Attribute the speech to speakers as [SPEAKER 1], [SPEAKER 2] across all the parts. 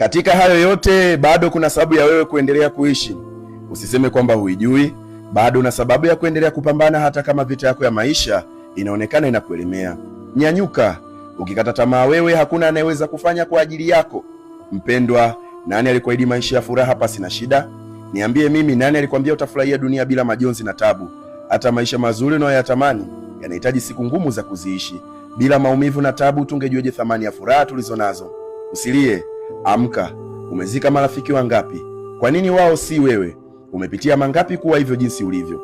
[SPEAKER 1] Katika hayo yote bado kuna sababu ya wewe kuendelea kuishi. Usiseme kwamba huijui, bado una sababu ya kuendelea kupambana, hata kama vita yako ya maisha inaonekana inakuelemea. Nyanyuka. Ukikata tamaa wewe, hakuna anayeweza kufanya kwa ajili yako. Mpendwa, nani alikuahidi maisha ya furaha pasi na shida? Niambie mimi, nani alikwambia utafurahia dunia bila majonzi na tabu? Hata maisha mazuri unayoyatamani yanahitaji siku ngumu za kuziishi. Bila maumivu na tabu, tungejueje thamani ya furaha tulizo nazo? Usilie. Amka! Umezika marafiki wangapi? Kwa nini wao si wewe? Umepitia mangapi kuwa hivyo jinsi ulivyo?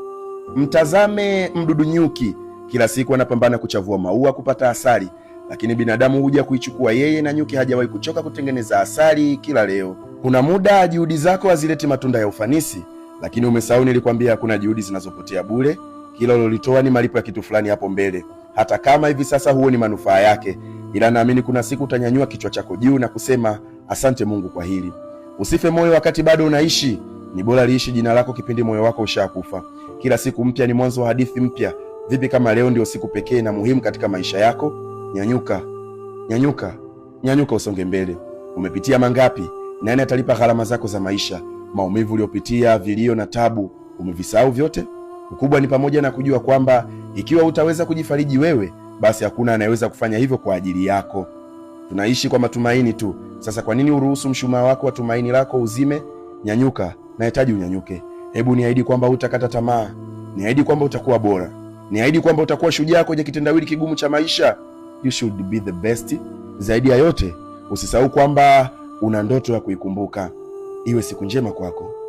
[SPEAKER 1] Mtazame mdudu nyuki. Kila siku anapambana kuchavua maua kupata asali, lakini binadamu huja kuichukua yeye, na nyuki hajawahi kuchoka kutengeneza asali kila leo. Kuna muda juhudi zako hazileti matunda ya ufanisi, lakini umesahau nilikwambia hakuna juhudi zinazopotea bure. Kila ulilolitoa ni malipo ya kitu fulani hapo mbele, hata kama hivi sasa huo ni manufaa yake, ila naamini kuna siku utanyanyua kichwa chako juu na kusema Asante Mungu kwa hili. Usife moyo wakati bado unaishi, ni bora liishi jina lako kipindi moyo wako ushakufa. Kila siku mpya ni mwanzo wa hadithi mpya. Vipi kama leo ndio siku pekee na muhimu katika maisha yako? Nyanyuka, nyanyuka, nyanyuka, usonge mbele. Umepitia mangapi? Nani atalipa gharama zako za maisha? Maumivu uliopitia, vilio na tabu, umevisahau vyote? Ukubwa ni pamoja na kujua kwamba ikiwa utaweza kujifariji wewe, basi hakuna anayeweza kufanya hivyo kwa ajili yako. Tunaishi kwa matumaini tu. Sasa kwa nini uruhusu mshumaa wako wa tumaini lako uzime? Nyanyuka, nahitaji unyanyuke. Hebu niahidi kwamba utakata tamaa, niahidi kwamba utakuwa bora, niahidi kwamba utakuwa shujaa kwenye kitendawili kigumu cha maisha. You should be the best. Zaidi ya yote, usisahau kwamba una ndoto ya kuikumbuka. Iwe siku njema kwako.